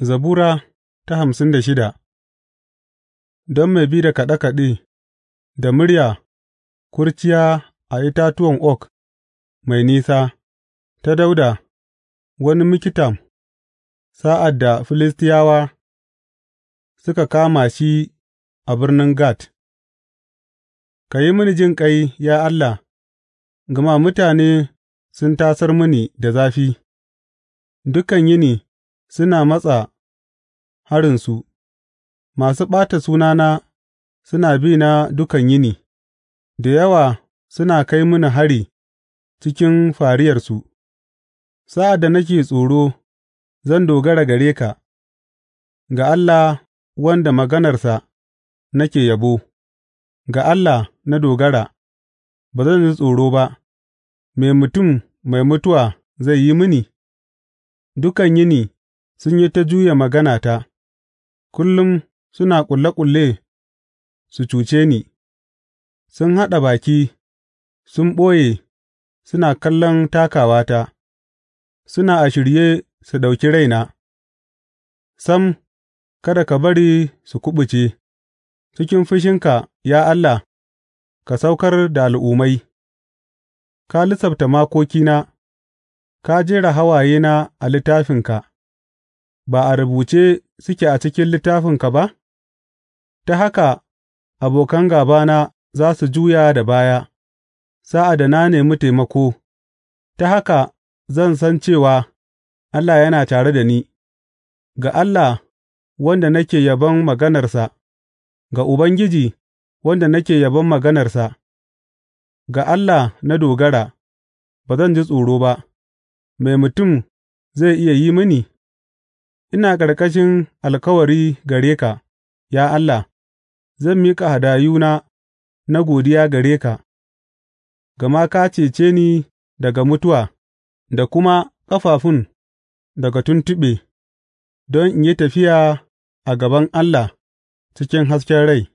Zabura ta hamsin da shida Don mai bi da kaɗe kaɗe, da murya kurciya a itatuwan ok mai nisa, ta Dauda, wani mikitam sa'ad da Filistiyawa suka kama shi a birnin Gat. Ka yi mini jin ƙai ya Allah, gama mutane sun tasar mini da zafi; dukan yini. suna matsa harinsu; masu ɓata sunana suna bi na dukan yini, da yawa suna kai mini hari cikin fariyarsu; sa'ad da nake tsoro, zan dogara gare ka, ga Allah wanda maganarsa nake yabo; ga Allah na dogara, ba zan ji tsoro ba, me mutum mai mutuwa zai yi mini? Dukan yini. sun yi ta juya maganata, kullum suna ƙulle ƙulle su cuce ni, sun haɗa baki, sun ɓoye, suna kallon takawata, suna a shirye su ɗauki raina, sam, kada ka bari su kuɓuce, cikin fushinka, ya Allah, ka saukar da al'ummai, ka lissafta makokina, ka jera hawaye na a littafinka. ba a rubuce suke a cikin littafinka ba, ta haka abokan gābana za su juya da baya sa'ad da na nemi taimako, ta haka zan san cewa Allah yana tare da ni, ga Allah wanda nake yabon maganarsa, ga Ubangiji wanda nake yabon maganarsa, ga Allah na dogara, ba zan ji tsoro ba, mai mutum zai iya yi mini? Ina ƙarƙashin alkawari gare ka, ya Allah; zan miƙa hadayuna na godiya gare ka, gama ka cece ni daga mutuwa da kuma ƙafafun daga tuntuɓe, don in yi tafiya a gaban Allah cikin hasken rai.